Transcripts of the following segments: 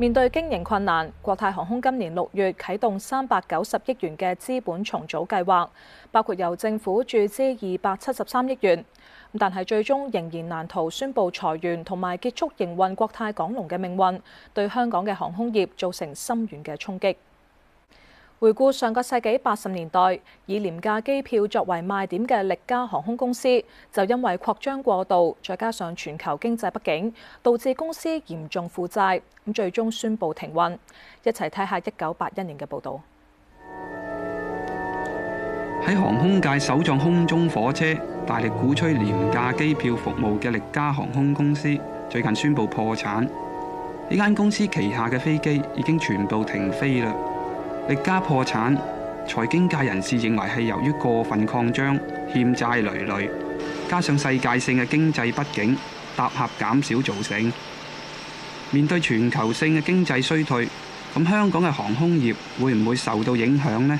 面對經營困難，國泰航空今年六月啟動三百九十億元嘅資本重組計劃，包括由政府注資二百七十三億元。但係最終仍然難逃宣布裁員同埋結束營運國泰港龍嘅命運，對香港嘅航空業造成深遠嘅衝擊。回顧上個世紀八十年代，以廉價機票作為賣點嘅力加航空公司，就因為擴張過度，再加上全球經濟不景，導致公司嚴重負債，咁最終宣布停運。一齊睇下一九八一年嘅報道。喺航空界首撞空中火車，大力鼓吹廉價機票服務嘅力加航空公司，最近宣布破產。呢間公司旗下嘅飛機已經全部停飛啦。力加破產，財經界人士認為係由於過分擴張、欠債累累，加上世界性嘅經濟不景、搭客減少造成。面對全球性嘅經濟衰退，咁香港嘅航空業會唔會受到影響呢？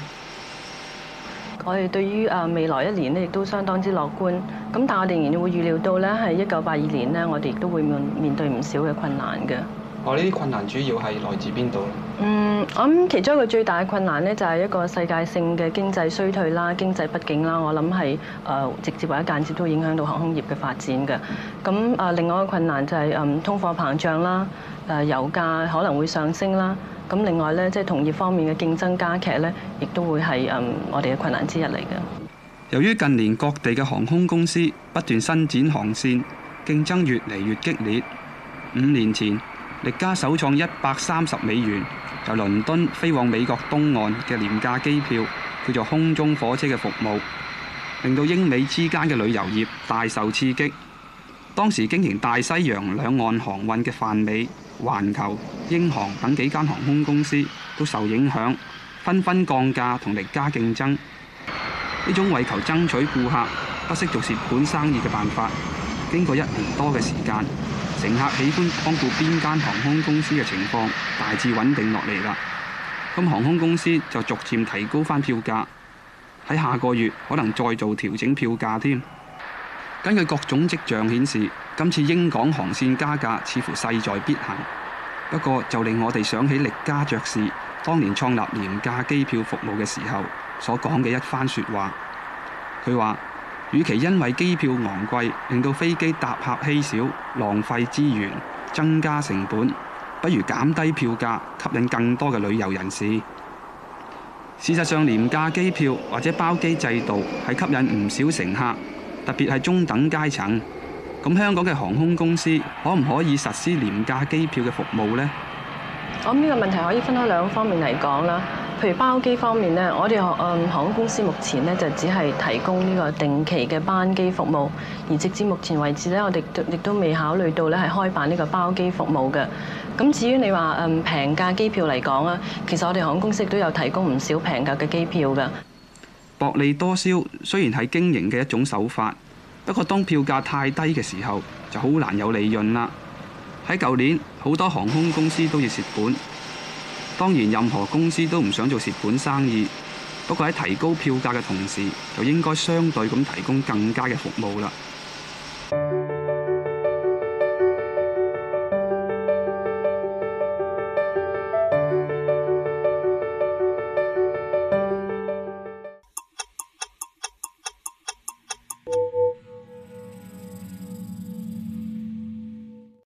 我哋對於啊未來一年咧亦都相當之樂觀，咁但我哋仍然會預料到咧係一九八二年呢，我哋都會面面對唔少嘅困難嘅。我呢啲困難主要係來自邊度咧？嗯，我諗其中一個最大嘅困難呢，就係、是、一個世界性嘅經濟衰退啦、經濟不景啦。我諗係誒直接或者間接都影響到航空業嘅發展嘅。咁誒、呃，另外一個困難就係、是、嗯通貨膨脹啦、誒、啊、油價可能會上升啦。咁、啊、另外咧，即、就、係、是、同業方面嘅競爭加劇咧，亦都會係嗯我哋嘅困難之一嚟嘅。由於近年各地嘅航空公司不斷伸展航線，競爭越嚟越激烈。五年前，力加首創一百三十美元由倫敦飛往美國東岸嘅廉價機票，叫做空中火車嘅服務，令到英美之間嘅旅遊業大受刺激。當時經營大西洋兩岸航運嘅泛美、環球、英航等幾間航空公司都受影響，紛紛降價同力加競爭。呢種為求爭取顧客，不惜做蝕本生意嘅辦法。經過一年多嘅時間，乘客喜歡光顧邊間航空公司嘅情況大致穩定落嚟啦。咁航空公司就逐漸提高返票價，喺下個月可能再做調整票價添。根據各種跡象顯示，今次英港航線加價似乎勢在必行。不過就令我哋想起力加爵士當年創立廉價機票服務嘅時候所講嘅一番説話，佢話。與其因為機票昂貴，令到飛機搭客稀少、浪費資源、增加成本，不如減低票價，吸引更多嘅旅遊人士。事實上，廉價機票或者包機制度係吸引唔少乘客，特別係中等階層。咁香港嘅航空公司可唔可以實施廉價機票嘅服務呢？我諗呢個問題可以分開兩方面嚟講啦。譬如包機方面呢，我哋嗯航空公司目前呢就只係提供呢個定期嘅班機服務，而直至目前為止呢，我哋亦都，都未考慮到呢係開辦呢個包機服務嘅。咁至於你話嗯平價機票嚟講啊，其實我哋航空公司都有提供唔少平價嘅機票噶。薄利多銷雖然係經營嘅一種手法，不過當票價太低嘅時候，就好難有利潤啦。喺舊年，好多航空公司都要蝕本。當然，任何公司都唔想做蝕本生意，不過喺提高票價嘅同時，就應該相對咁提供更加嘅服務啦。